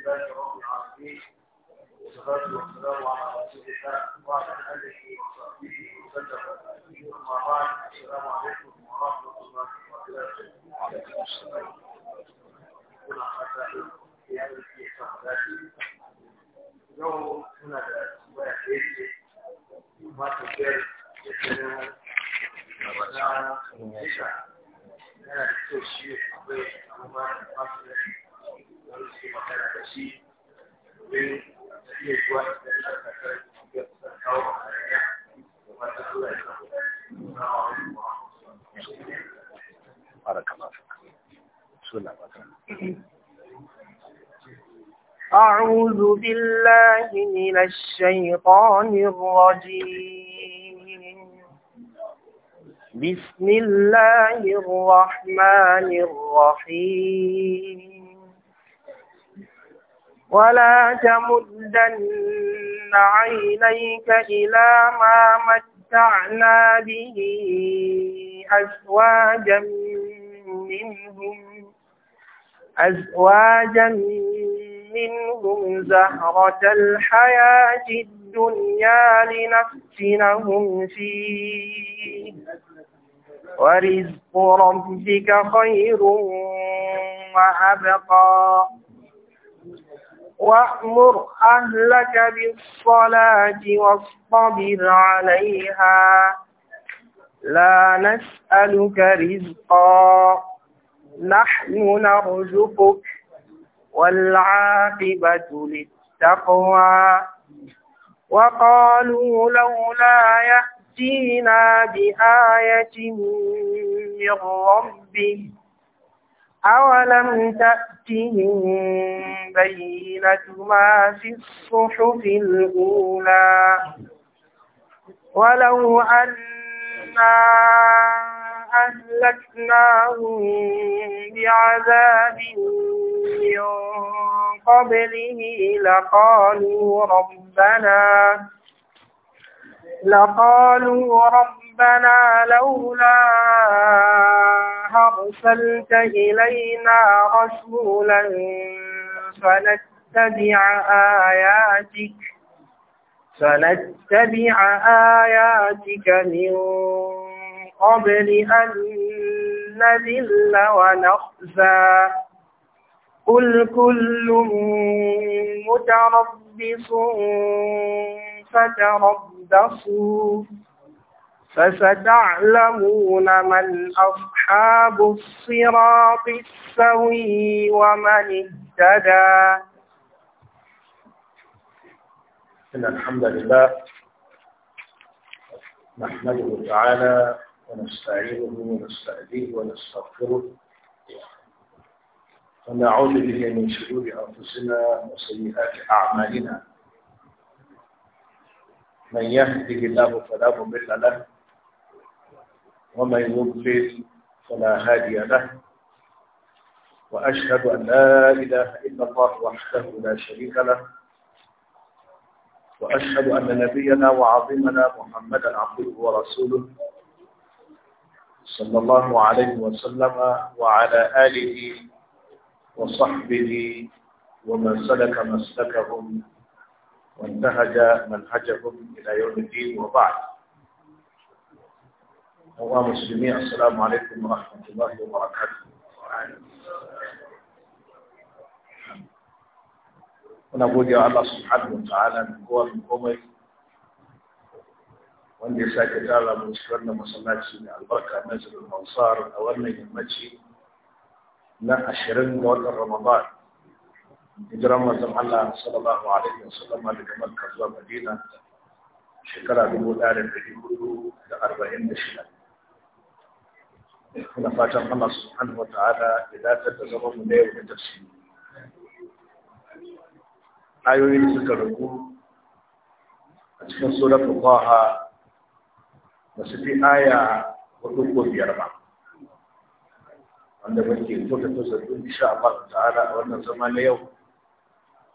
لله رب العالمين والصلاة والسلام على رسول الله وعلى آله وصحبه وسلم السلام عليكم ورحمة الله وبركاته. كنا حتى في هذه الصحبات اليوم هنا سواء كيف ما تقدر تتكلم ولا تنسى أنا أشوف شيء أبي أنا ما أعرف a أعوذ بالله من الشيطان الرجيم بسم الله الرحمن الرحيم ولا تمدن عينيك إلى ما متعنا به أزواجا منهم أزواجا منهم زهرة الحياة الدنيا لنفتنهم فيه ورزق ربك خير وأبقى وأمر أهلك بالصلاة واصطبر عليها لا نسألك رزقا نحن نرزقك والعاقبة للتقوى وقالوا لولا يأتينا بآية من ربه أولم تأتهم بينة ما في الصحف الأولى ولو أنا أهلكناهم بعذاب من قبله لقالوا ربنا لقالوا ربنا لولا أرسلت إلينا رسولا فنتبع آياتك فنتبع آياتك من قبل أن نذل ونخزى قل كل متربص فتربصوا فستعلمون من أصحاب الصراط السوي ومن اهتدى إن الحمد لله نحمده تعالى ونستعينه ونستهديه ونستغفره ونعوذ به من شرور أنفسنا وسيئات أعمالنا من يهده الله فلا مضل له ومن يضلل فلا هادي له وأشهد أن لا إله إلا الله وحده لا شريك له وأشهد أن نبينا وعظيمنا محمدا عبده ورسوله صلى الله عليه وسلم وعلى آله وصحبه ومن سلك مسلكهم وانتهج منهجهم إلى يوم الدين وبعد الله مسلمين السلام عليكم ورحمة الله وبركاته ونقول يا الله سبحانه وتعالى من من هو المؤمن وندي ساكت على مسلمنا مسلمات سنة البركة نزل المنصار أولنا يمتشي لا أشرن مواد رمضان هجرم مزم صلى الله عليه وسلم لجمال كفوة مدينة شكرا دمو دارم بجي كله لأربعين دشنا هنا الله سبحانه وتعالى إذا تتزم مليه ونجرسين آيو إن سكركو أتفن سورة الله نسفي آية وتقول في أربعة عندما يكون فتح تزدون إن شاء الله تعالى وأن الزمان يوم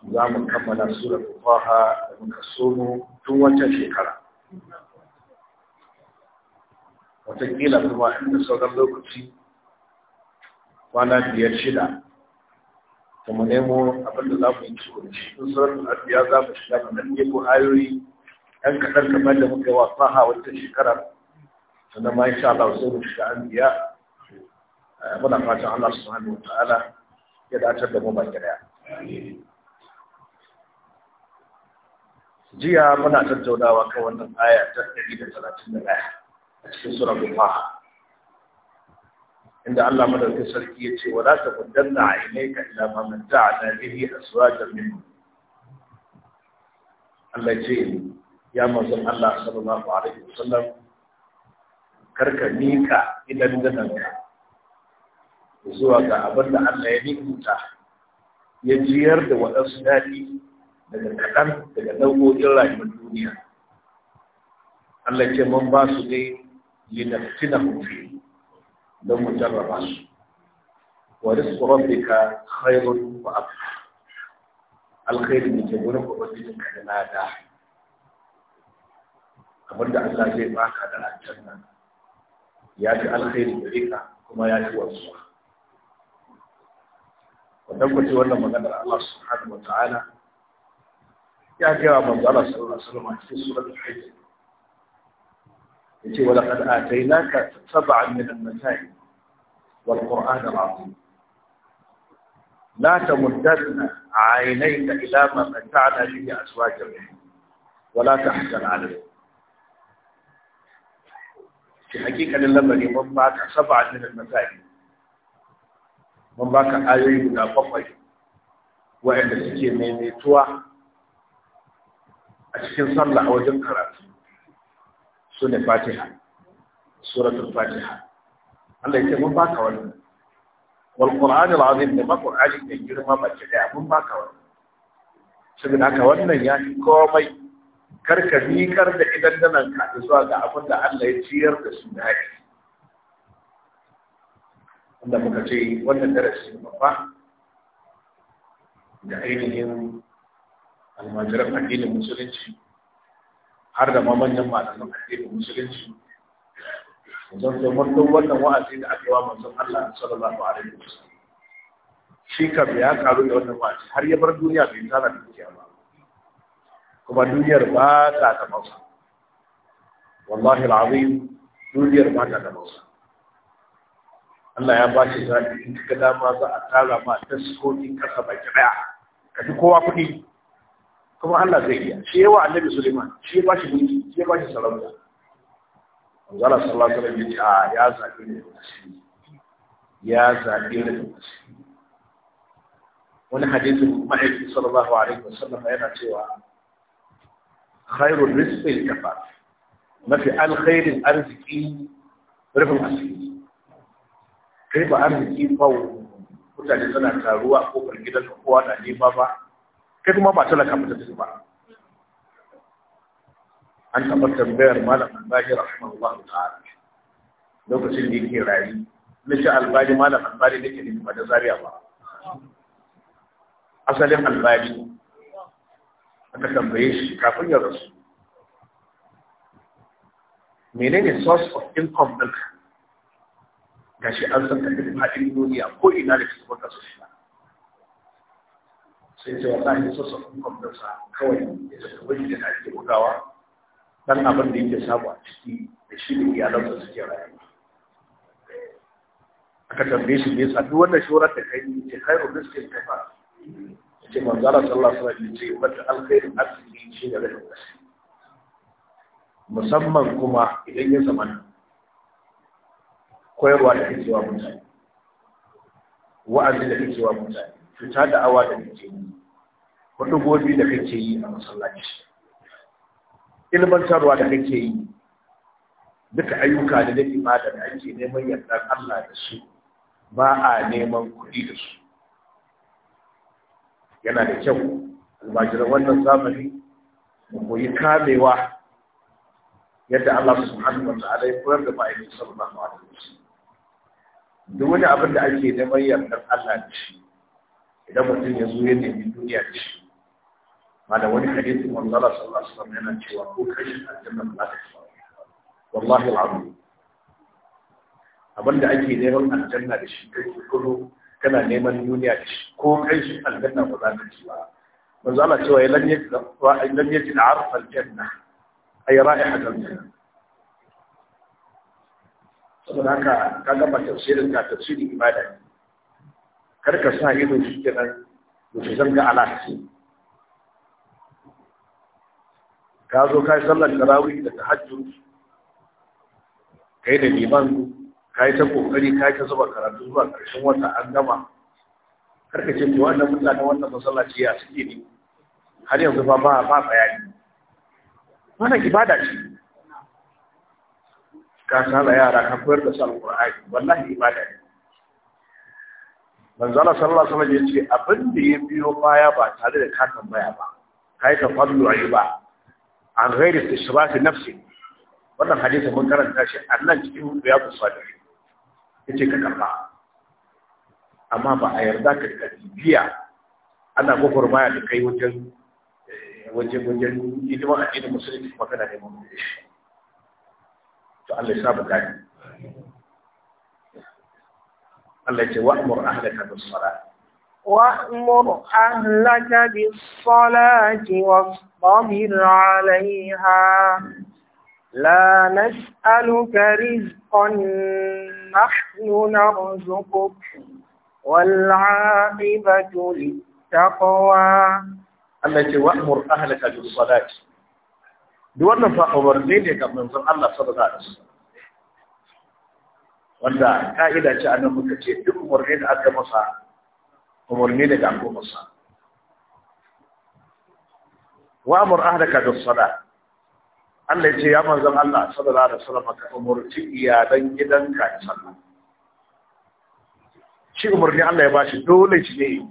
za mu kammala sura faha da muka somo tun wancan shekara watakila kuma inda sauran lokaci kwana biyar shida kuma mu nemo abinda za mu yi ciwo da shi in sauran al'adiyya za mu shiga da nan nemo ayoyi ɗan kaɗan kamar da muka yi wa faha wancan shekara sannan ma insha Allah sai mu shiga an biya eh, muna fatan Allah subhanahu wa ta'ala ya dace da mu ba kiraya. jiya muna tattaunawa kan wannan aya ta 131 a cikin surar Duha inda Allah madaukakin sarki ya ce wala taqaddanna aynaka ila ma mata'na bihi aswajan minu Allah ce ya manzon Allah sallallahu alaihi wasallam karka mika idan dananka zuwa ga abin da Allah ya nikuta ya jiyar da waɗansu daɗi daga kaɗan daga nau'o'in rayuwar duniya Allah ce mun ba su dai na hufi don mu jarraba su wa rizqu ka khairun wa abqa alkhairin da ke gurin ubangijin ka da lada da Allah zai baka da lantar nan ya fi alkhairi da rika kuma ya fi wasu. Wadda kwace wannan maganar Allah subhanahu wa ta'ala ya gaya wa manzo Allah sallallahu alaihi wasallam cikin suratul hajj yace wa laqad atainaka sab'an min al-masail wal qur'an al-azim la tamuddanna 'aynayka ila ma mata'na bihi azwajak wa la tahzan 'alayhi ki hakikalin lamari mun baka sab'an min al-masail mun baka ayoyi guda bakwai wa'anda suke maimaituwa a cikin sallah a wajen karatu su ne fatiha suratul fatiha Allah ya ce mun baka wani wal qur'an al azim da mako qur'ani ne girma ba ce da mun baka wani saboda haka wannan ya fi komai karka miƙar da idan nan ka zuwa ga abin da Allah ya ciyar da su da haƙi wanda muka ce wannan darasi babba da ainihin almajiran addinin musulunci har da mamanyan malaman addinin musulunci zan zo duk wannan wa'azi da aka yi wa manzon Allah sallallahu alaihi wasallam shi kam ya karu da wannan wa'azi har ya bar duniya bai tsara dukiya ba kuma duniyar ba ta da mausa. wallahi alazim duniyar ba ta da mausa. Allah ya ba shi zaki in ka dama za a tara ma taskokin kasa baki daya ka fi kowa kuɗi kuma Allah zai iya shi yawa annabi Suleiman shi ba shi mulki shi ba shi sarauta Allah sallallahu alaihi wasallam yace a ya zabi ne ya zabi ne wani hadisin ma'aiki sallallahu alaihi wasallam yana cewa khairul rizqi al-kafaf mafi alkhairin arziki rufin asiri kai ba arziki ba mutane suna taruwa ko gidan kowa na nema ba kai kuma ba talaka ba su ba an taɓa tambayar malam albani Allah ta'ala lokacin da yake rayu na ce albaji malam albani da ke nufi ba da zariya ba asalin albaji aka tambaye shi kafin ya rasu menene source of income ɗinka gashi an san tafi faɗin duniya ko ina da cikin kasu shi sai ce wallahi ya sassa kwamfutarsa kawai ya tafi wani da ake bugawa dan abin da yake samu a ciki da shi da iyalansa suke rayuwa aka tambaye shi me yasa duk wannan shurar da kai ce khairu rizqin kafa ce manzara sallallahu alaihi wasallam ce wata alkhairin arziki shi ne rashin gaske musamman kuma idan ya zama koyarwa da kake wa mutane wa'azi da kake wa mutane fita da awa da nake yi wata gobi da kake yi a masallaci ilmantarwa da kake yi duka ayyuka da nake ibada da ake neman yardar Allah da su ba a neman kuɗi da su yana da kyau almajiran wannan zamani mu koyi kamewa yadda Allah subhanahu wa ta'ala ya koyar da ma'aikin sallallahu alaihi wasallam duk wani abin da ake neman yardar Allah da shi idan mutum ya zo ya nemi duniya da shi ma da wani hadisi manzala sallallahu alaihi wasallam yana cewa ko shi aljanna ba ta ci wallahi al'azim abinda ake neman aljanna da shi kai kuro kana neman duniya da shi ko shi aljanna ba za ka ci ba manzala cewa ya lan yaji wa lan yaji arfa aljanna ay ra'ihat aljanna saboda haka kaga ba tafsirin ka tafsirin ibada ne kar ka sa ido shi nan da su zanga alaƙi ka zo ka yi sallar tarawih da tahajjud kai da liman ka yi ta kokari ka yi ta zuba karatu zuwa ƙarshen wata an gama karka ce to wannan mutane wannan masallaci ya suke ne har yanzu ba ba ba bayani wannan ibada ce ka da yara ka koyar da su qurani wallahi ibada ne manzala sallallahu alaihi wasallam yace abin da ya biyo baya ba tare da katan baya ba kai ka fadlu ba an ghairi istishraf nafsi wannan hadisi mun karanta shi annan cikin ya sadi yace ka karba amma ba a yarda ka ka biya ana gofar baya da kai wajen eh, wajen wajen hidima addinin musulunci kana ne mun to Allah ya sa gani التي وأمر أهلك بالصلاة وأمر أهلك بالصلاة واصطبر عليها لا نسألك رزقا نحن نرزقك والعاقبة للتقوى التي وأمر أهلك بالصلاة دورنا فأمر ليك من الله صلى الله عليه وسلم wanda ka'ida ce a nan muka ce duk umarni da aka masa umarni daga an masa wa amur ahlaka bis sala Allah ya ce ya manzon Allah sallallahu alaihi wasallam ka umurci iyalan gidanka da sallah shi umarni Allah ya bashi dole shi ne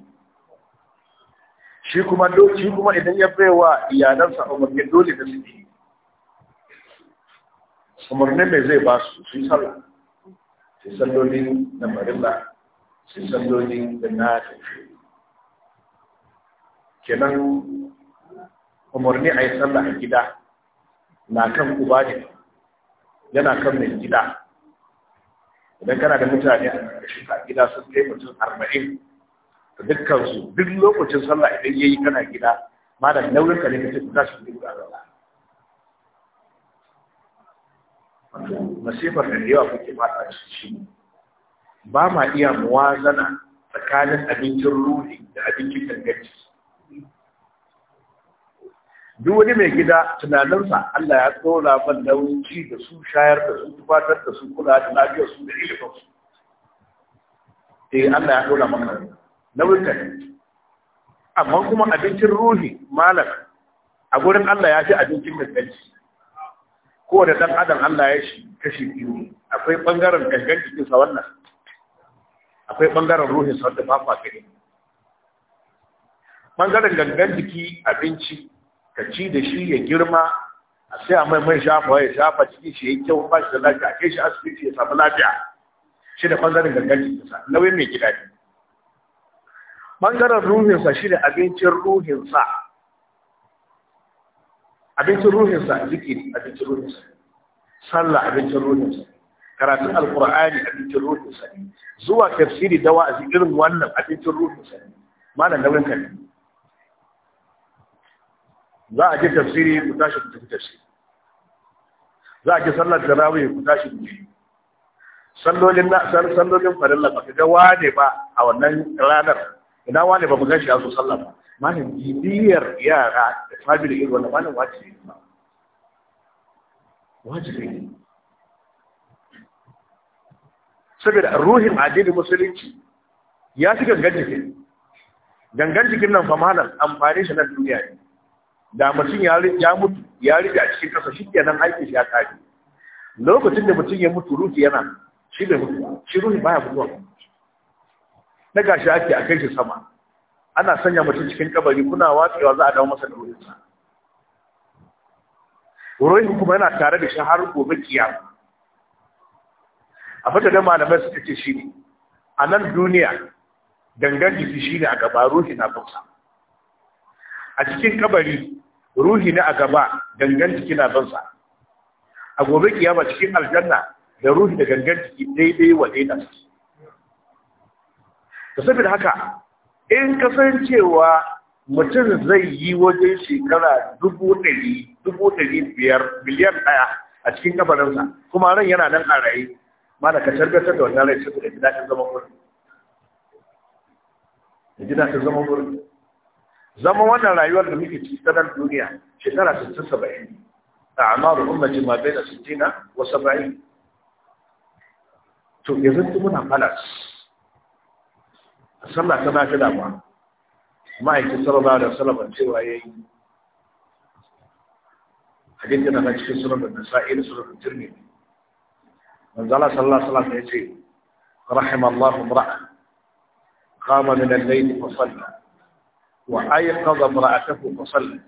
shi kuma shi kuma idan ya baiwa iyalansa umarni dole da su yi umarni mai zai ba su su yi sallah sai sallolin na marilla sai sallolin da na tafi kenan umarni a yi sallah a gida na kan uba ne yana kan mai gida idan kana da mutane a ƙarƙashin a gida sun kai mutum arba'in da dukkansu duk lokacin sallah idan ya yi kana gida malam nauyin ka ne ka ce ku tashi masifar da yawa kuke fata shi ba ma iya muwazana tsakanin abincin ruhi da abincin gangaci duk wani mai gida tunaninsa Allah ya tsora man nauyi da su shayar da su tufatar da su kula da lafiyar su da ilimin su eh Allah ya tsora maka nauyin ka amma kuma abincin ruhi malam a gurin Allah ya fi abincin mai gangaci da ɗan adam Allah ya shi kashi biyu akwai ɓangaren gangan jikinsa wannan akwai ɓangaren ruhi sa da ba kwa gani ɓangaren gangan jiki abinci ka ci da shi ya girma a sai a mai mai shafa ya shafa ciki shi ya kyau ba shi da lafiya a kai shi asibiti ya samu lafiya shi da ɓangaren gangan sa nauyin mai gida ne ɓangaren ruhinsa shi da abincin ruhinsa abincin ruhinsa zikiri abincin ruhinsa sallah abincin ruhinsa karatun alkur'ani abincin ruhinsa zuwa tafsiri dawa a irin wannan abincin ruhinsa malam nauyin ne. za a je tafsiri ku tashi ku tafi tafsiri za a ji sallar tarawih ku tashi ku tafi sallolin na sallolin farilla ba ga wane ba a wannan ranar ina wane ba mu gashi a zo sallar. ba malam bibiyar yara da sabi da irin wannan malam wajibi ne wajibi ne saboda ruhin addinin musulunci ya fi gangan jikin gangan jikin nan fa malam amfani shi na duniya ne da mutum ya mutu ya rike a cikin kasa shi kenan aiki shi ya tafi. lokacin da mutum ya mutu ruhi yana shi da mutu shi ruhi baya mutuwa na gashi ake a kai shi sama ana sanya mutum cikin kabari kuna watsewa za a dawo masa da ruhinsa ruhin kuma yana tare da shi har gobe kiyama a fata da malamai suka ce shi ne a nan duniya dangan jiki shi ne a gaba ruhi na bauta a cikin kabari ruhi ne a gaba dangan jiki na bansa a gobe kiyama cikin aljanna da ruhi da gangan jiki daidai wa daidai da saboda haka in kasancewa mutum zai yi wajen shekara dubu ɗari dubu ɗari biyar miliyan ɗaya a cikin kafarinsa kuma ran yana nan a raye ma da tarbe ta da wannan rai saboda gida ta zama da gida ta zama wuri zama wannan rayuwar da muke ci ta duniya shekara sittin saba'in أعمار أمة ما بين ستين وسبعين to yanzu muna falas sallah ta nafila ba ma'aikin sallallahu alaihi wasallam cewa yayi hadisi na cikin sunan da nasa'i da sunan tirmidhi manzo Allah sallallahu alaihi wasallam yace rahimallahu imra'a qama min al-layl fa salla wa ayqadha imra'atahu fa sallat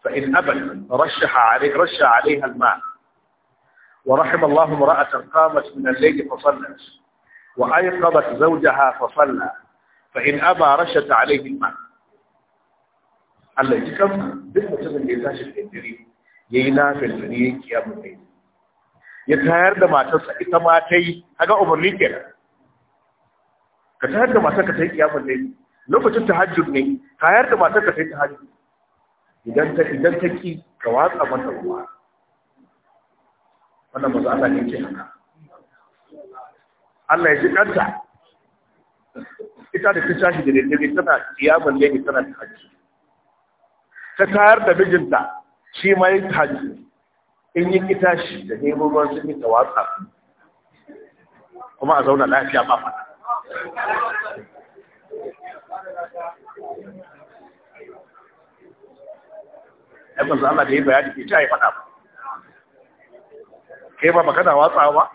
فإن أبت رشح عليه رشح عليها الماء ورحم الله امرأة قامت من الليل فصلت وأيقظت زوجها فصلى fa in aba rashata alaihi ma Allah ya kan duk mutumin da ya tashi da dare yayi nafil da yayi kiyamun ne ya tayar da matarsa ita ma ta yi kaga umarni ke ka tayar da matarka ta yi kiyamun ne lokacin tahajjud ne tayar da matarka ta yi tahajjud idan ta idan ta ki ka watsa mata ruwa wannan maza Allah ne ke haka Allah ya ji kanta ita da ta tashi da daddare tana tsiyaban ne tana ta hajji ta tayar da mijinta shi ma yi hajji in yi ita shi da nemo ruwan sun yi tawatsa kuma a zauna lafiya ba fata ya manzo Allah da yi bayani ke ta yi faɗa ba kai ba baka da watsa ba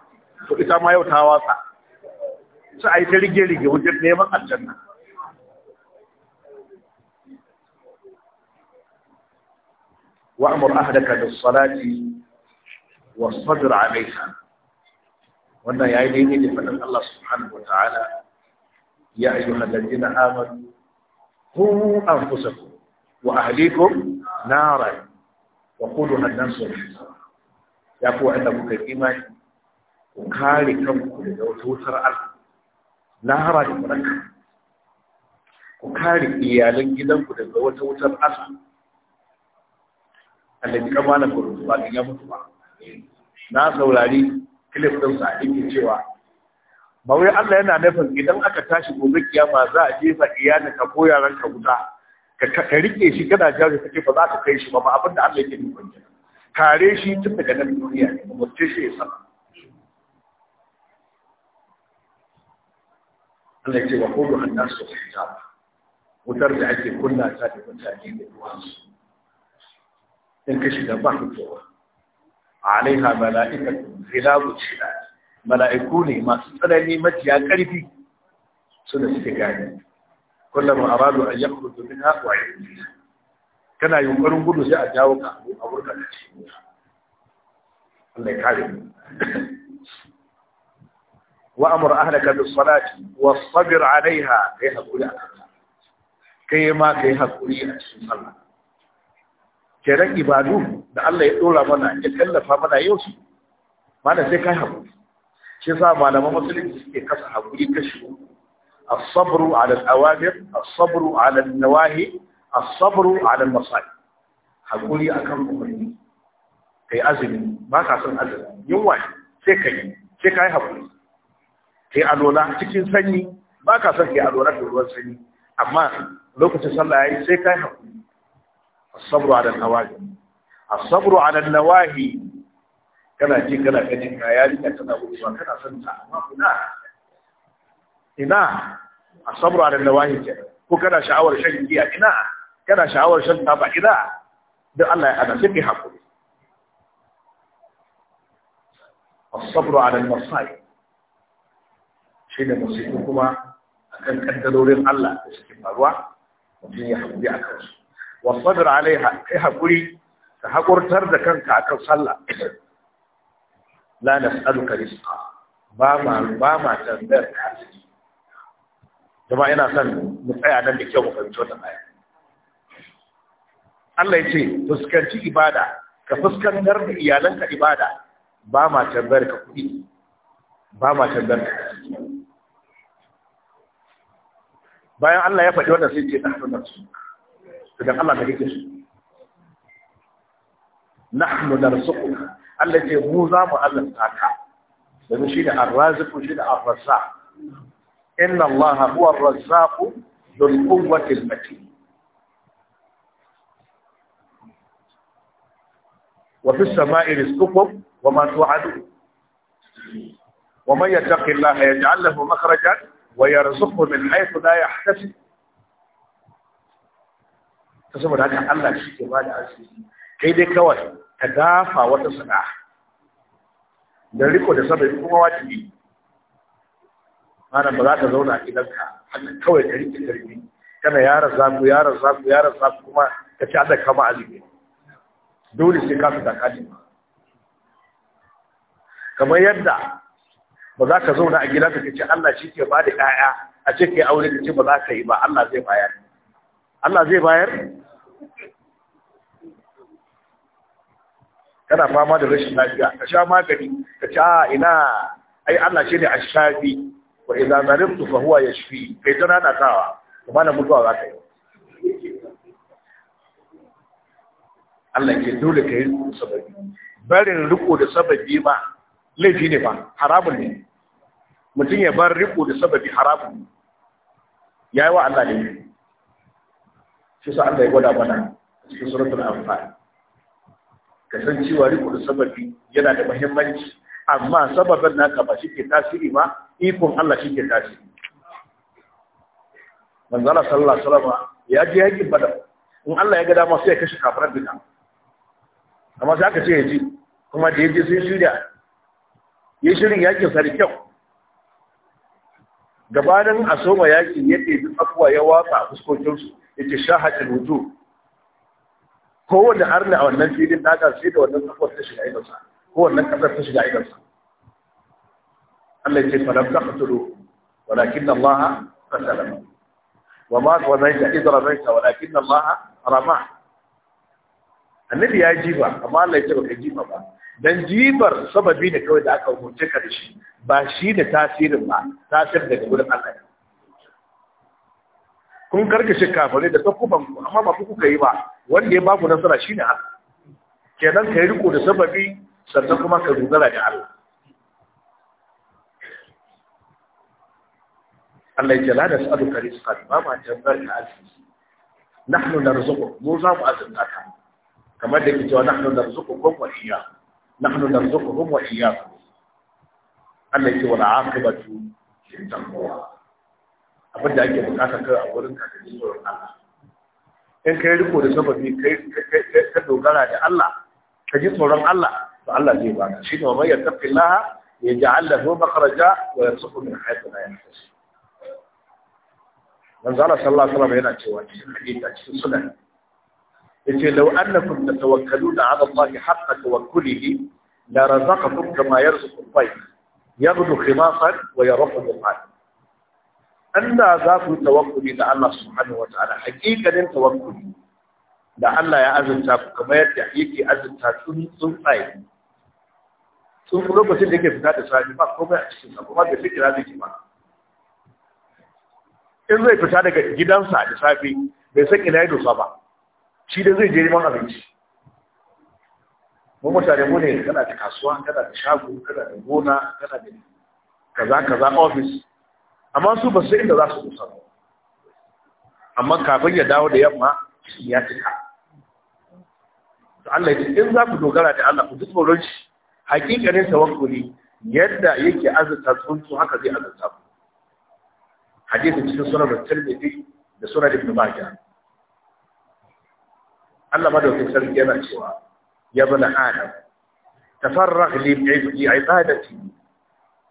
to ita ma yau ta watsa su a yi ta rige-rige wajen neman aljanna wa'amur ahadaka da salati wa sadur alaiha wannan ya yi daidai da faɗin Allah subhanahu wa ta'ala ya yi halalli na amon ku an fusa ku wa ahalikum nara wa kudu hannun sun ya fi wa'anda kuka imani ku kare kanku da wutar Allah na hara da muraka ku kare iyalan gidanku daga wata wutar asa annabi kamalan gurbin ba ya mutu ba na saurari clip din sa yake cewa ba wai Allah yana nufin idan aka tashi gobe kiyama za a jefa iyalan ka ko yaran ka guda ka rike shi kana jawo kake ba za ka kai shi ba ba abinda Allah yake nufin kare shi tun daga nan duniya ne mutum shi ya sama Allah ya ce wa kullu annasu hijab wutar da ake kunna ta da mutane da ruwansu in ka shiga ba A alaiha mala'ikatu zilabu shida mala'iku ne masu tsanani majiya ƙarfi suna suke gani kullum aradu an yakhruju minha wa yu'minu kana yunkurin gudu sai a jawo ka a wurka da shi Allah ya kare mu وأمر أهلك بالصلاة والصبر عليها ma هكولي كي ما كي هكولي أسفل kenan ibadu da Allah ya dora mana ya tallafa mana yau su da sai kai hakuri shi yasa malaman musulunci suke kasa hakuri kashi الصبر على الأوامر الصبر a النواهي الصبر على المصائب hakuri akan umarni kai azumi ba ka son azumi yunwa sai kai sai kai hakuri kai alola cikin sanyi ba ka son kai alola da ruwan sanyi amma lokacin sallah yayi sai kai hakuri as-sabru ala an-nawahi as-sabru ala an-nawahi kana ji kana ganin ka ya rika tana wuce kana son ta amma kuna ina as-sabru ala an-nawahi ko kana sha'awar shan giya ina kana sha'awar shan taba ina duk Allah ya hada sai kai hakuri as-sabru ala al-masaib shi da musibu kuma a kan kaddarorin Allah da suke faruwa mutum ya haƙuri a kansu wa da alaiha kai haƙuri ka haƙurtar da kanka a kan sallah la nas'aluka rizqa ba ma ba ma tambayar ka arziki jama'a ina son mu tsaya nan da kyau mu fahimci wata aya Allah ya ce fuskanci ibada ka fuskantar da iyalanka ibada ba ma tambayar ka kuɗi ba ma tambayar ka bayan Allah ya faɗi wannan sai ce nahnu narsu idan Allah da kake su nahnu narsuku Allah ce mu za mu Allah ta saka domin shi da arraziku shi da arrasa inna Allah huwa arrazaku ku quwwati al-matin wa fi as-sama'i rizqukum wa ma tu'adun ومن يتق الله Allah mu مخرجا ويرزقه من حيث لا يحتسب ta saboda haka Allah shi ke ba da arziki kai dai kawai ka dafa wata sana'a da riko da sabai kuma yi mana ba za ka zauna a gidanka haka kawai ka rike karfi kana yara zaku yaran zaku yaran zaku kuma ka ci Allah kama azumi dole sai ka fita kaji kamar yadda ba za ka zauna a gida ka ce Allah shi ke ba da ƴaƴa a ce kai aure da ce ba za ka yi ba Allah zai bayar Allah zai bayar kana fama da rashin lafiya ka sha magani ka ce a ina ai Allah shi ne ashafi wa idza zalimtu fa huwa yashfi kai tana na kawa kuma na mutuwa za ka yi Allah ke dole ka yi sababi barin riko da sababi ba laifi ne ba haramun ne mutum ya bar riko da sababi haramun ya yi wa Allah ne shi sa Allah ya gwada mana cikin suratul anfal ka san cewa riko da sababi yana da muhimmanci amma sababin naka ba shi ke tasiri ba ikon Allah shi ke tasiri manzala sallallahu alaihi wasallam ya je yakin badar in Allah ya ga dama sai ya kashe kafiran duka amma sai aka ce ya ji kuma da ya je sun shirya ya shirin yakin sa da kyau gabanin a soma yaƙi ya ɗebi afuwa ya watsa a fuskokinsu ya sha shahatin wujo kowane arna a wannan filin ɗaga sai da wannan afuwar ta shiga idansa ko wannan ƙasar ta shiga idansa Allah ya ce falam ta fatulu walakin ta fasalama wa ma zanaita idh ta walakin Allah rama annabi ya jiba amma Allah ya ce baka jiba ba dan jibar sababi ne kawai da aka umarce ka da shi ba shi da tasirin ba tasir daga wurin Allah kun karkashe kafare da takuban ku amma ba kuka yi ba wanda ya ba ku nasara shine Allah kenan kai riko da sababi sannan kuma ka dogara da Allah Allah ya lada la nas'aluka rizqan ba ma tambayar ka arziki nahnu narzuqu mu za mu azurta ka kamar da ke cewa nahnu narzuqukum wa iyyakum nahnu narzuquhum wa iyyakum Allah ya ce wal aqibatu lil taqwa abin da ake bukata kai a wurin ka ji tsoron Allah in kai riko da sababi kai ka dogara da Allah ka ji tsoron Allah to Allah zai baka shi ne mai yattaqillaha yaj'al lahu makhraja wa yarzuqhu min haythu la yahtasib manzo Allah sallallahu alaihi wasallam yana cewa cikin hadisi cikin sunan yace law annakum tatawakkaluna ala Allah haqqa tawakkulihi la razaqakum kama yarzuqu al-bayt yaghdu khimasan wa yarhu al-qad anda za ku tawakkuli da Allah subhanahu wa ta'ala hakikanin tawakkuli da Allah ya azunta ku kamar yadda yake azunta tun tsuntsaye sun lokacin da yake fita da Sani, ba komai a cikin sa kuma bai fikira zai ba in zai fita daga gidansa da safe bai san ina ya dosa ba shi da zai je neman abinci mu mutane mu ne kana da kasuwa kana da shago kana da gona kana da kaza kaza office amma su ba su inda za su kusa ba amma kafin ya dawo da yamma ya cika Allah ya ce in za ku dogara da Allah ku dubo ranci hakikanin tawakkuli yadda yake azurta tsuntsu haka zai azurta ku hadisi cikin sunan Tirmidhi da sunan Ibn Majah Allah madaukakin sarki yana cewa ya bani adam tafarraq li ibadati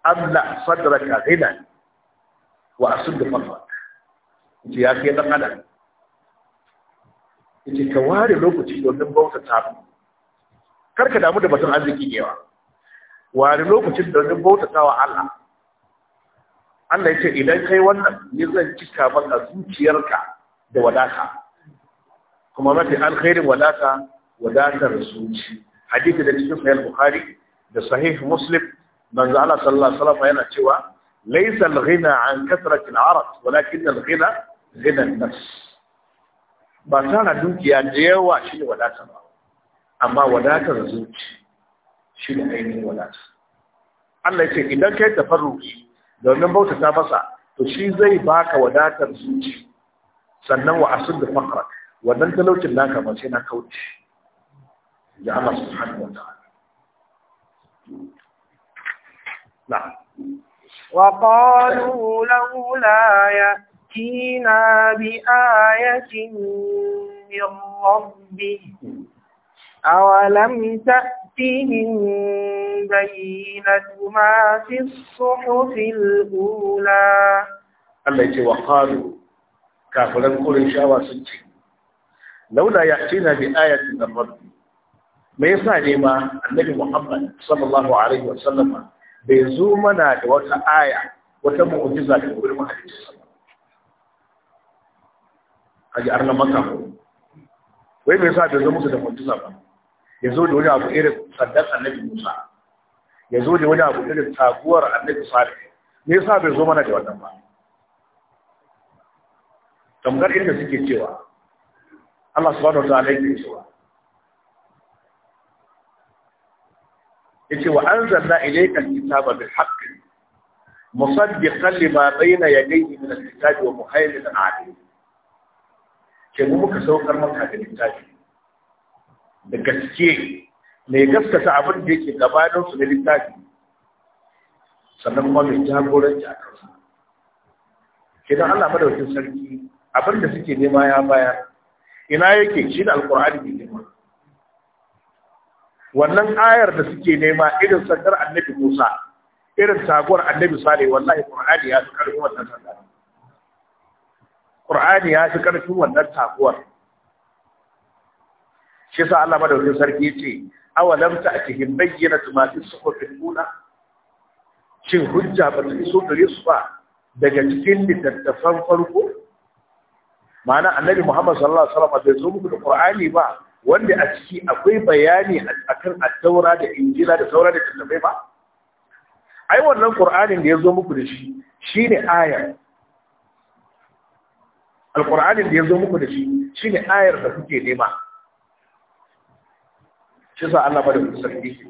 amla sadraka ghina wa asud fadlak ce ya kai dan adam ce ka ware lokaci domin bauta ta karka damu da batun arziki ne wa ware lokacin domin bauta ta wa Allah Allah ya ce idan kai wannan ni zan cika maka zuciyarka da wadata kuma mafi alkhairin wadata wadatar zuci hadisi da cikin sahih bukhari da sahih muslim manzo Allah sallallahu alaihi wasallam yana cewa laysa al-ghina an kathrati al-arad walakin al-ghina ghina an-nafs ba tana dukiya da yawa shi ne wadata ba amma wadatar zuci shi ne ainihin wadata Allah ya ce idan kai tafarruki domin bauta ta masa to shi zai baka wadatar zuci sannan wa asud faqrak wannan talaucin naka ba sai na kauce ya Allah subhanahu wa ta'ala وقالوا لولا يأتينا بآية من ربه أولم تأتهم بينة ما في الصحف الأولى الذي وقالوا كافلا قول إن شاء الله سنتي laula yatina bi ayatin min rabbi me yasa ne ma annabi Muhammad sallallahu alaihi wa sallam bai zo mana da wata aya wata mu'jiza da gurin hadisi kaji arna maka ko wai me yasa bai zo musu da mu'jiza ba ya zo da wani abu irin saddan annabi Musa ya zo da wani abu irin taguwar annabi Salih me yasa bai zo mana da wannan ba tamkar inda suke cewa Allah subhanahu wa ta'ala yake cewa yace wa anzalna ilayka al-kitaba bil haqq musaddiqan lima bayna yadayhi min al-kitabi wa muhaiminan alayhi ke mu muka saukar maka da littafi da gaske ne gaskata abin da yake gabanin su na littafi sannan kuma mai jagoranci a kansa kidan Allah madaukin sarki abin da suke nema ya bayar ina yake shi da alkur'ani ne girma? wannan ayar da suke nema irin sandar annabi musa irin taguwar annabi sale wallahi qur'ani ya fi karfin wannan sanda. qur'ani ya fi karfin wannan taguwar shi sa Allah madaukakin sarki ce awalam ta'tihim bayyinatu ma fi suhufil ula shin hujja ba ta iso gare su ba daga cikin littattafan farko ma'ana annabi Muhammad sallallahu alaihi wasallam bai zo muku da Qur'ani ba wanda a ciki akwai bayani akan at-Taura da Injila da saura da tattafai ba ai wannan Qur'anin da ya zo muku da shi shine ayar Al-Qur'anin da yazo muku da shi shine ayar da kuke nema shi sa Allah bada sarki shi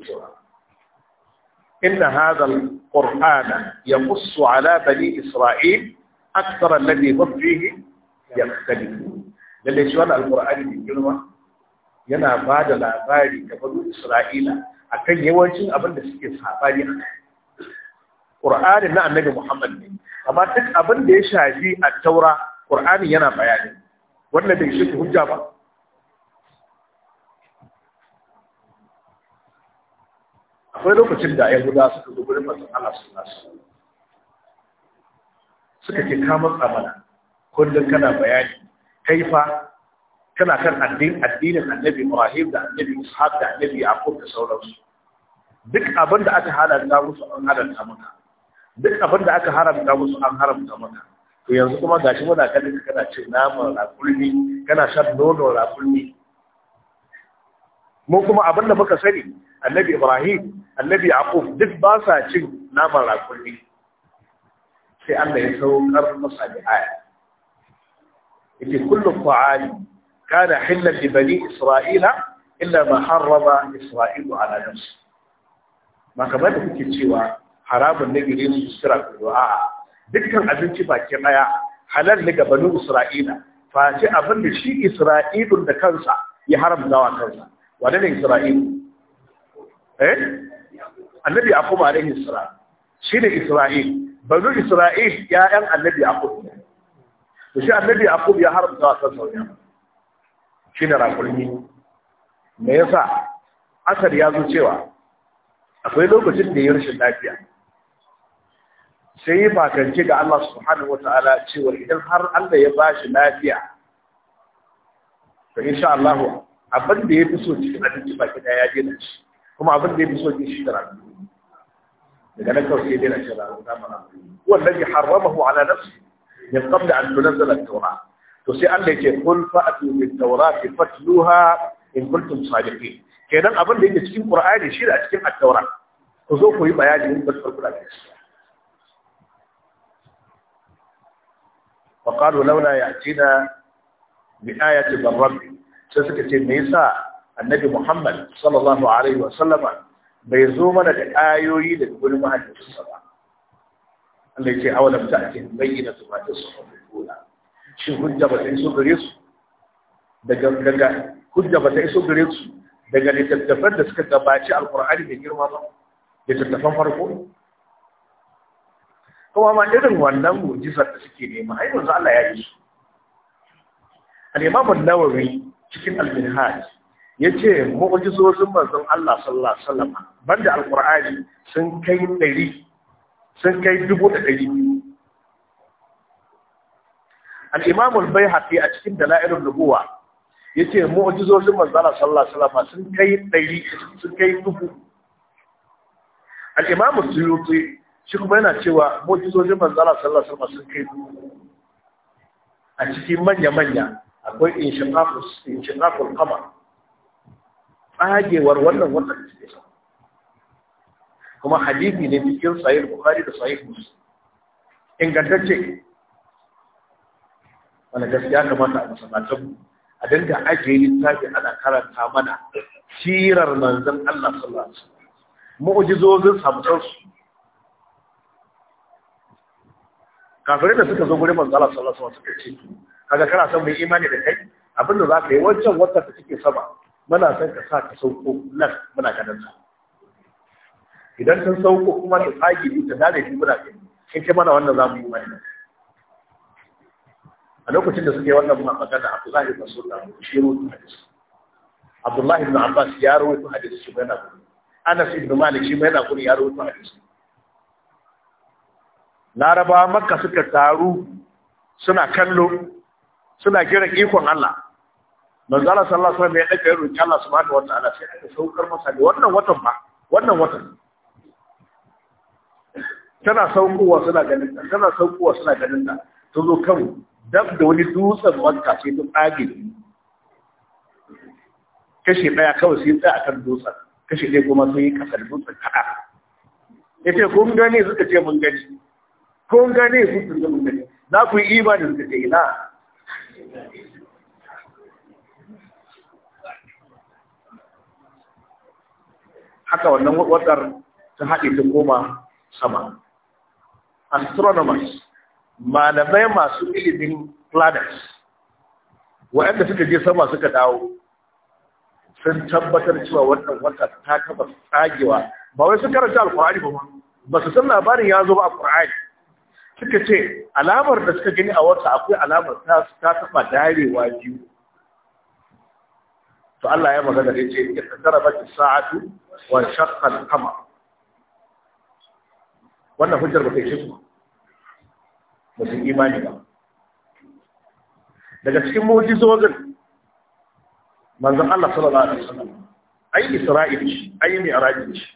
inna hadha al-Qur'ana yaqussu ala bani Isra'il akthara alladhi fihi yaktalifu lalle shi wannan alqur'ani din girma yana ba da labari ga banu isra'ila akan yawancin abin da suke sabani a kai na annabi muhammad ne amma duk abin da ya shafi a taura qur'ani yana bayani wannan bai shi hujja ba akwai lokacin da yahuda suka zo gurin manzon Allah sallallahu alaihi wasallam suka ke ka matsa mana kullum kana bayani kaifa kana kan addinin annabi Ibrahim da annabi Ishaq da annabi Yaqub da sauransu duk abin da aka halarta musu an halarta maka duk abin da aka haramta musu an haramta maka to yanzu kuma gashi muna ka kana cin naman rakulmi kana shan nono rakulmi mu kuma abin da muka sani annabi Ibrahim annabi Yaqub duk ba sa cin naman rakulmi sai Allah ya saukar masa da aya yace kullu ta'ali kana halal li bani isra'ila illa ma harrama isra'ilu ala nafsi ma da kuke cewa haramun ne gare su sira ko dukkan abinci baki daya halal ne ga bani isra'ila fa ce abin da shi isra'ilun da kansa ya haramta wa kansa wane ne eh annabi yaqub alaihi salam shine isra'il banu isra'il ya'yan annabi yaqub to shi annabi yaqub ya haramta wa kansa wannan shi da rakulmi me yasa asar ya zo cewa akwai lokacin da ya rashin lafiya sai ya fakanci ga Allah subhanahu wataala cewa idan har Allah ya ba shi lafiya to insha Allah abin da ya fi so cikin abinci baki da ya daina shi kuma abin da ya fi so cikin shi da rabu daga nan kawai sai daina shi rabu da mana wannan ya haramahu ala nafsi min qabl an tunzal taura to sai Allah yake kul fa'atu bit tawrati fatluha in kuntum sadiqin kenan abin da yake cikin qur'ani shi a cikin at-taura ku zo ku yi bayani in basar kula da shi وقالوا لولا يأتينا بآية من ربه sai suka ce me yasa annabi Muhammad sallallahu alaihi wa sallama bai zo mana da ayoyi daga gurin mahaifinsa ba Allah ya ce awalam ta'tihim su ma tasawwurun shin hujja ba ta iso gare su daga daga hujja ba ta iso gare su daga littattafan da suka gabaci alkur'ani da girma ba littattafan farko kuma ma irin wannan mu'jizar da suke nema ai yanzu Allah ya yi su al-imam an-nawawi cikin al-minhaj yace mu'jizozin manzon Allah sallallahu alaihi wasallam banda alkur'ani sun kai 100 sun kai dubu da ɗari biyu Al'imamul bai al a cikin dalailun nubuwa yace mu'jizozin manzo Allah sallallahu sallah salama sun kai ɗari sun kai dubu Al'imamul imam as-suyuti shi kuma yana cewa mu'jizozin manzo Allah sallallahu sallah salama sun kai dubu a cikin manya manya akwai inshiqaqus inshiqaqul qamar tsagewar wannan wannan cikin kuma hadisi ne cikin sahih bukhari da sahih muslim ingantacce wala gaskiya kamata a masallacin a dinga ajiye littafi ana karanta mana sirar manzon Allah sallallahu alaihi wasallam mu'jizozin samsan su kafirai da suka zo gurin manzon Allah sallallahu alaihi wasallam suka ce kaga kana son mai imani da kai abinda za ka yi wancan wata da cike sama muna son ka sa ka sauko nan muna ganin sa idan sun sauko kuma ta tsage ku ta dare shi muna gani in ce mana wannan za mu yi mai a lokacin da suke wannan magana Abdullahi ibn Sulaiman shi ruwa hadisi Abdullahi ibn Abbas ya rawaito hadisi shi yana gudu Anas ibn Malik shi yana gudu ya rawaito hadisi Laraba Makka suka taru suna kallo suna kiran ikon Allah manzo Allah sallallahu alaihi wasallam ya dake roki Allah subhanahu wataala sai aka saukar masa da wannan watan ba wannan watan tana saukowa suna ganin ta tana saukowa suna ganin ta ta zo kan dab da wani dutsen wanka sai ta tsage kashe ɗaya kawai sai tsaya akan dutsen kashe ɗaya kuma sai kasar dutsen kaɗa ya ce kun gane suka ce mun gani kun gane suka ce mun gani za ku yi imani suka ce ina haka wannan wadar ta haɗe ta koma sama astronomers malamai masu ilimin planets waɗanda suka je sama suka dawo sun tabbatar cewa wannan wata ta taba tsagewa ba wai sun karanta alkur'ani ba ba su san labarin ya zo ba a qur'ani suka ce alamar da suka gani a wata akwai alamar ta taba darewa biyu to Allah ya magana da ce ya tsara ba sa'atu wa shaqqa al-qamar wannan hujjar ba kai shi ba su imani ba daga cikin mu'jizozin manzan Allah sallallahu alaihi wasallam ai Isra'il shi ai Mi'raj shi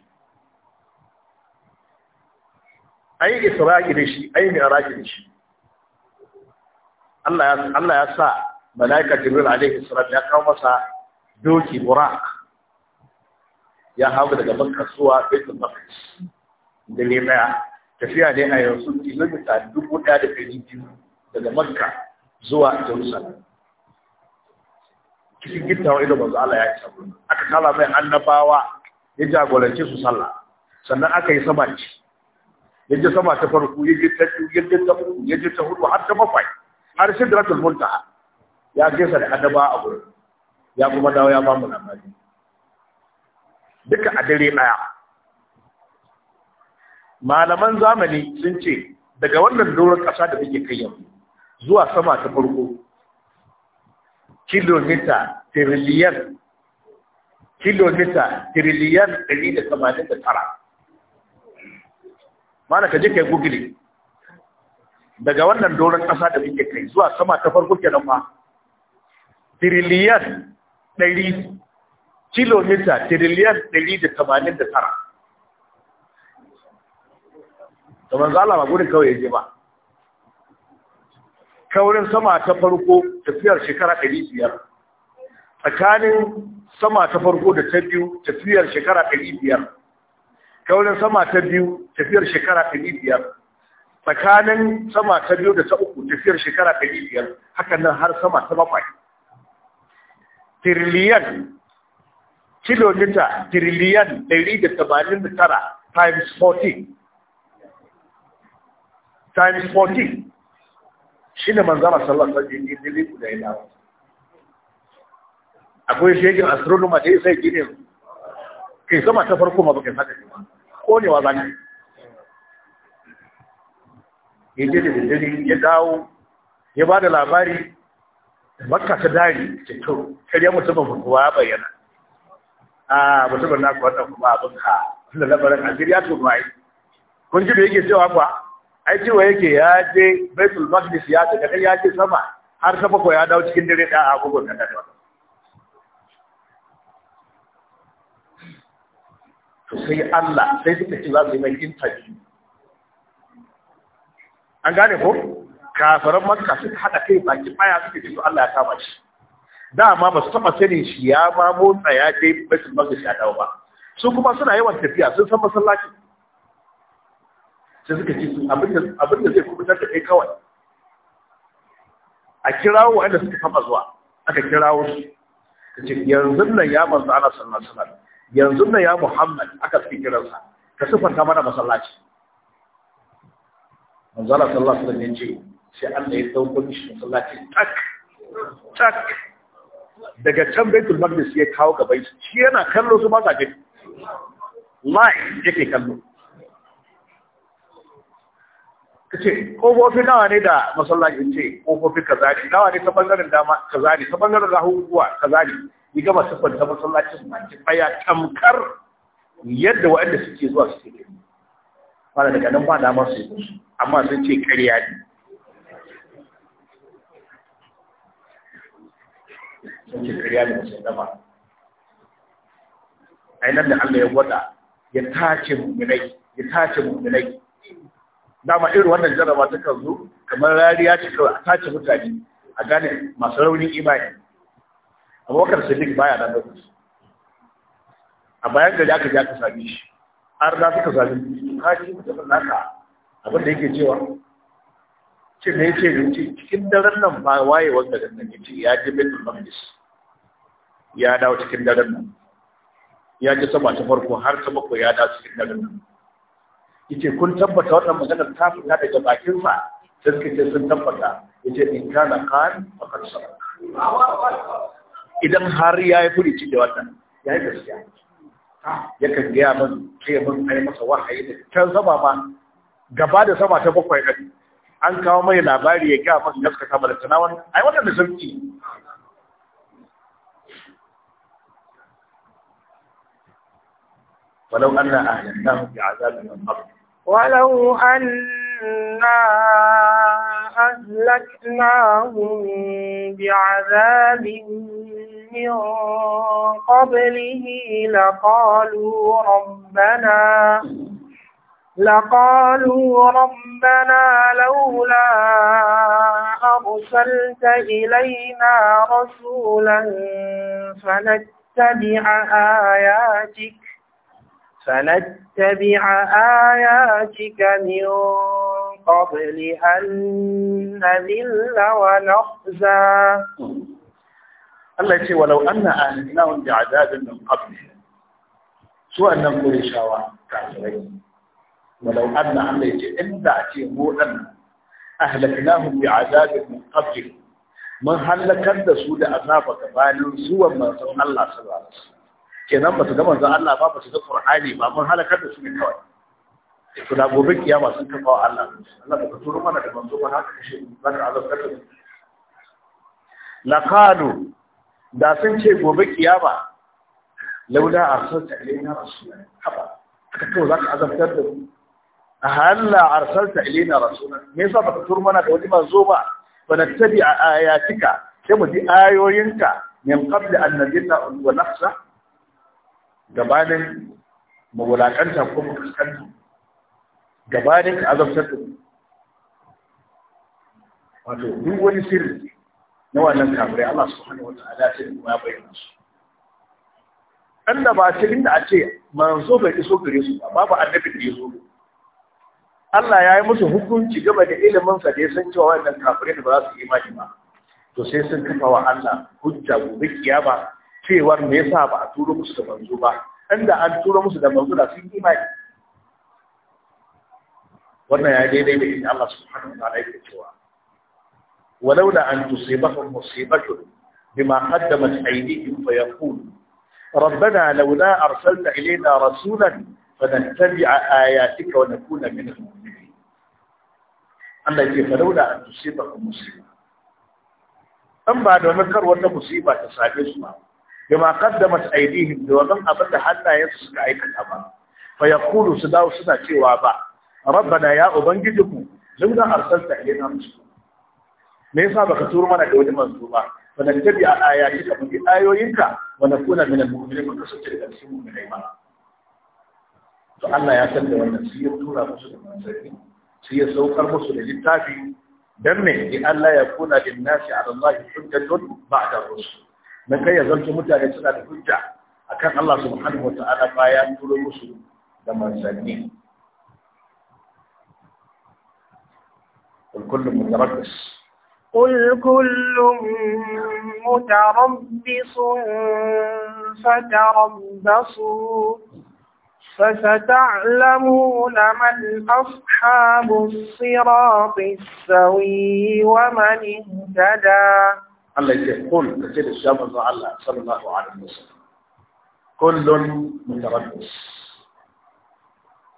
ai Isra'il shi ai Mi'raj shi Allah ya Allah ya sa malaika Jibril alaihi salam ya kawo masa doki Burak ya hawo daga Makka suwa Baitul Maqdis dare daya tafiya dai a yau yanzu kilomita dubu ɗaya da ɗari biyu daga makka zuwa jerusalem cikin wa ido ba Allah ya yi sabu aka kala mai annabawa ya jagorance su sallah sannan aka yi sama ci ya sama ta farko ya je ta biyu ya ta uku ya ta hudu har ta bakwai har sidratul muntaha ya gesa da annaba a gurin ya kuma dawo ya bamu labari duka a dare daya malaman zamani sun ce daga wannan doron ƙasa da muke kai yanzu zuwa sama ta farko kilomita tiriliyan kilomita tiriliyan 189 mana ka je kai google daga wannan doron ƙasa da muke kai zuwa sama ta farko kenan ma tiriliyan 100 kilomita tiriliyan 189 to manzo Allah ba gurin kawai yaje ba kaurin sama ta farko tafiyar shekara 500 tsakanin sama ta farko da ta biyu tafiyar shekara 500 kaurin sama ta biyu tafiyar shekara 500 tsakanin sama ta biyu da ta uku tafiyar shekara 500 hakan nan har sama ta bakwai tiriliyan kilomita trillion 189 times 14 times 14 shi ne manzana sallar jirgin jirgin guda ya dawo akwai shegin astronomer da ya sai gini ke sama ta farko ma baka saka ba ko ne wa zani ya je da dindini ya dawo ya ba da labari da makka ta dari ta to karyar mutumin kuwa ya bayyana a mutumin na kuwa ta kuma abin ka da labarin algeria to ba yi kun ji da yake cewa kuwa Aiki wa yake ya je baitul maqdis ya daga kai ya je sama har ta ko ya dawo cikin dare da a da dawo to sai Allah sai suka ci za su yi mai interview an gane ko kafaran makka suka hada kai baki baya suka ji Allah ya kama shi dama ba su taba sanin shi ya ma motsa ya je baitul maqdis ya dawo ba su kuma suna yawan tafiya sun san masallacin sai suka ci su abin da zai kubutar da kai kawai a kirawo wanda suka fama zuwa aka kirawo su ta ce yanzu nan ya manzo ana sallallahu alaihi yanzu nan ya muhammad aka suke kiransa ka ta mana masallaci manzo Allah sallallahu alaihi wasallam ya ce sai Allah ya dauko shi masallaci tak tak daga can baitul maqdis ya kawo gabai shi yana kallo su ba sa gani lai yake kallo kace kofofi nawa ne da masallaci ce kofofi kaza ne nawa ne ta bangaren dama kaza ne ta bangaren kuwa kaza ne ni gaba sifar masallaci su ci tsaya tamkar yadda waɗanda suke zuwa su ke fara daga nan ba dama su amma sun ce ƙarya ne sun ce ƙarya ne musu dama ainihin da Allah ya gwada ya tace mummunai ya tace mummunai dama irin wannan jaraba ta kan zo kamar rariya ce kawai a tace mutane a gane masu raunin imani abubakar Sadiq baya nan lokaci a bayan gari aka ja aka sami shi har na suka sami kaji mutumin naka abin da yake cewa ce ne ce da ce cikin daren nan ba waye wanda da nan yace ya ji Baitul Maqdis ya dawo cikin daren nan ya ji sama ta farko har ta bakwai ya dawo cikin daren nan yace kun tabbata wannan maganar ta fita daga bakin sa sai suka ce sun tabbata yace in kana qan faqad sadaq idan har ya yi ci da wannan ya yi gaskiya yakan gaya min ce mun kai masa wahayi da ta sama ba, gaba da sama ta bakwai ɗin an kawo mai labari ya gaya min ta bar da wannan ai wannan da sauki ولو أن أهل النار عذاب من قبل ولو أنا أهلكناهم بعذاب من قبله لقالوا ربنا لقالوا ربنا لولا أرسلت إلينا رسولا فنتبع آياتك فنتبع آياتك من قبل أن نذل ونخزى الله يقول ولو أن أهلناهم بعذاب من قبل سوى أن نقول شواء كافرين ولو أن الله يقول إن هو أن أهلكناهم بعذاب من قبل من هلكت سوء أذابك فعلوا سوى ما سوى الله صلى الله عليه وسلم kenan ba su ga manzon Allah ba ba su ga Qur'ani ba mun halakar da su ne kawai to da gobe kiyama sun kafa wa Allah Allah ka turo mana da manzo ba haka kashe ba da azab la laqalu da sun ce gobe kiyama laula arsalta ilaina rasulan haba ka to za ka azabtar da mu ahalla arsalta ilaina rasulan me yasa ka turo mana da wani manzo ba tabi a ayatika sai mu ji ayoyinka min qabl an nadilla wa nafsa gabanin mawulakanta ko mu gabanin ka azabtar da wato duk wani sirri na wannan kafirai Allah subhanahu wa ta'ala sai kuma ya bayyana su annaba ce inda a ce manzo bai iso gare su ba babu annabi da ya zo Allah ya yi musu hukunci gaba da sa da ya san cewa wannan kafirai da ba za su imani ba to sai sun kafa wa Allah hujja gobe kiyama cewar me yasa ba a turo musu da manzo ba inda an turo musu da manzo da sun imani wannan ya daidai da inda Allah subhanahu wa ta'ala yake cewa walaula an tusibahum musibatun bima qaddamat aydihim fa yaqulu ربنا لولا أرسلت إلينا رسولا فنتبع آياتك ونكون من المؤمنين التي فلولا أن تصيبكم مصيبة أما بعد ta same su ba. bima قدمت ايديهم da ابدا حتى da hannayensu suka aikata ba fa yaqulu su dawo suna cewa ba rabbana ya ubangijinku limna arsalta ilaina me yasa baka tura mana da wani manzo ba fa nan tabi a ayati ka bi ayoyinka wa nakuna min almu'minin ka kasance daga cikin mu'minai ba to Allah ya san da wannan sai ya tura musu da ya saukar musu da littafi dan me in Allah ya kuna lin nasi ala Allah hujjatun ba'da rusul na kai ya zarce mutane suna da hujja akan Allah subhanahu wa ta'ala bayan turo musu da manzanni الكل متربص قل كل متربص فتربصوا فستعلمون من أصحاب الصراط السوي ومن اهتدى الله يقول مثل الجمع على صلى الله عليه وسلم كل متربص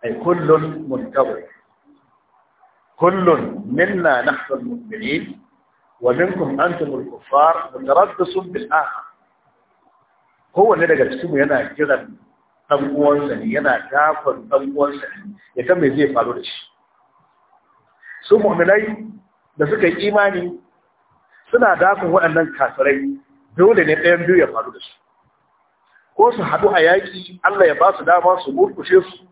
أي كل منتظر كل منا نحن المؤمنين ومنكم أنتم الكفار متربص بالآخر هو اللي لقى اسمه هنا كذا تبوان سني هنا كافر تبوان سني يتم يزيف على الوش سمو من أي بس كإيماني suna dakon waɗannan kafirai dole ne ɗayan biyu ya faru da su ko su haɗu a yaƙi Allah ya ba su dama su murkushe su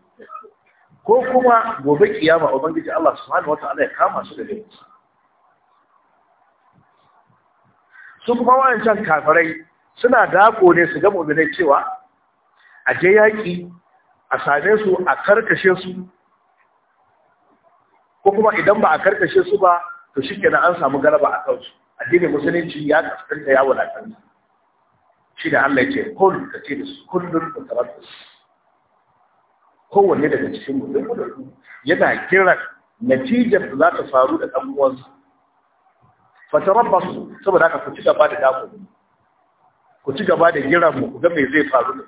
ko kuma gobe kiyama ubangiji Allah subhanahu wata'ala ya kama su da laifi su kuma wa'ancan kafirai suna dako ne su ga mu'minai cewa a je yaƙi a same su a karkashe su ko kuma idan ba a karkashe su ba to shi kenan an samu galaba a kansu addini musulunci ya kaskanta ya wadatar shi da Allah ce kul ka ce da su kullun mutarabbis kowanne daga cikin mu duk da yana kira natijar da za ta faru da dan uwansa su saboda haka ku ci gaba da dako ku ci gaba da kiran mu ku ga me zai faru da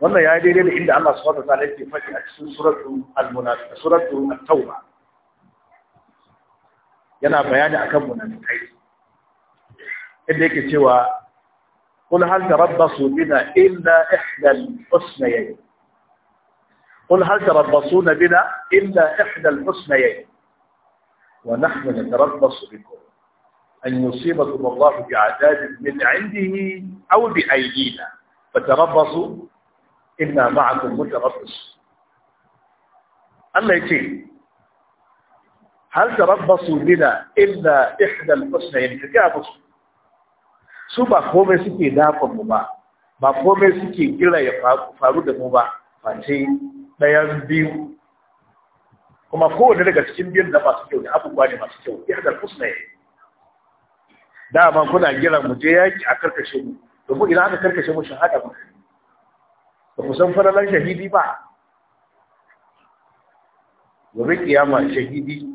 wannan ya yi daidai da inda Allah subhanahu wa ta'ala yake faɗi a cikin suratul al-munafiqun suratul at-tauba yana bayani akan munafikai inda yake cewa qul hal tarabbasu bina illa ihda al-husnayn قل هل تربصون بنا إلا إحدى الحسنيين ونحن نتربص بكم أن يصيبكم الله بعذاب من عنده أو بأيدينا فتربصوا إنا معكم متربص الله يتي hal tarabbasu bina illa ihda al-husnayn kaga musu su ba komai suke dafa mu ba ba komai suke kira ya faru da mu ba face ɗayan biyu kuma kowane daga cikin biyun da masu kyau ne abubuwa ne masu kyau ihda al-husnayn dama kuna gira mu je yaki a karkashe mu ku idan aka karkashe mu shahada ba ba ku san falalan shahidi ba gobe kiyama shahidi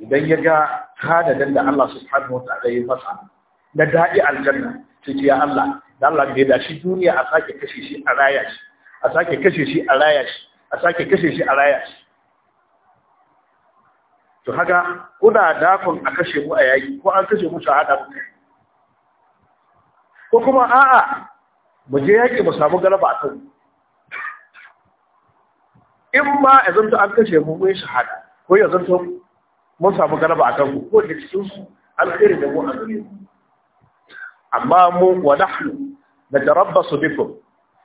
idan ya ga hadadan da Allah subhanahu wa ta'ala ya masa na daɗi aljanna sai ce ya Allah da Allah bai da shi duniya a sake kashe shi a raya shi a sake kashe shi a raya shi a sake kashe shi a raya shi to haka kuna dakon a kashe mu a yayi ko an kashe mu shahada mu ko kuma a'a mu je yaki mu samu galaba a kan in ma ya an kashe mu mun shahada ko ya mun samu galaba a kanku ko da cikin su alkhairi da mu a gare amma mu wa nahnu natarabbasu bikum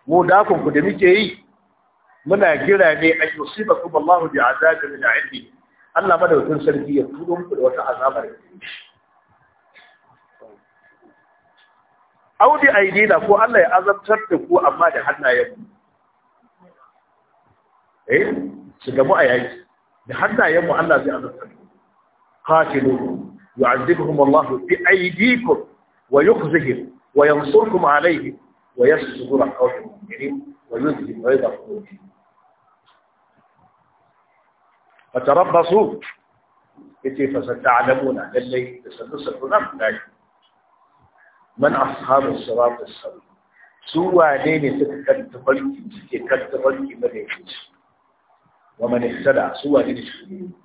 mu kun ku da muke yi muna gira ne an yusibakum Allahu bi azabin min indi Allah madaukakin sarki ya tudo muku da wata azabar audi aidina ko Allah ya azabtar da ku amma da hannayen eh su mu a da hannayen mu Allah zai azabtar da قاتلوهم يعذبهم الله بأيديكم ويخزهم وينصركم عليهم ويسجر صدور المؤمنين ويذهب غيظ قلوبهم فتربصوا كيف ستعلمون للي سنصل هناك من أصحاب الصراط السوي سوى لين تكتبلك تكتبلك مليكش ومن اهتدى سوى لين شكرين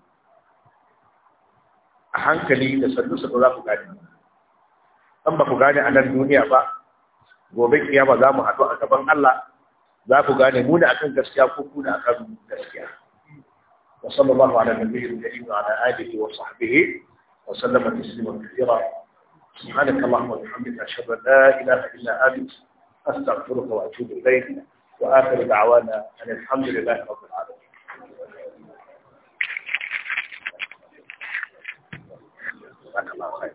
a hankali da sannusa ba za ku gane an ba ku gane a nan duniya ba gobe kiya ba za mu haɗu a gaban Allah za ku gane muna akan gaskiya ko kuna akan gaskiya wa sallallahu ala nabiyyi wa ala alihi wa sahbihi wa sallama tasliman kathira subhanaka allahumma wa bihamdika ashhadu an la ilaha illa anta astaghfiruka wa atubu ilayk wa akhiru da'wana alhamdulillahi rabbil alamin Jazakallah khair.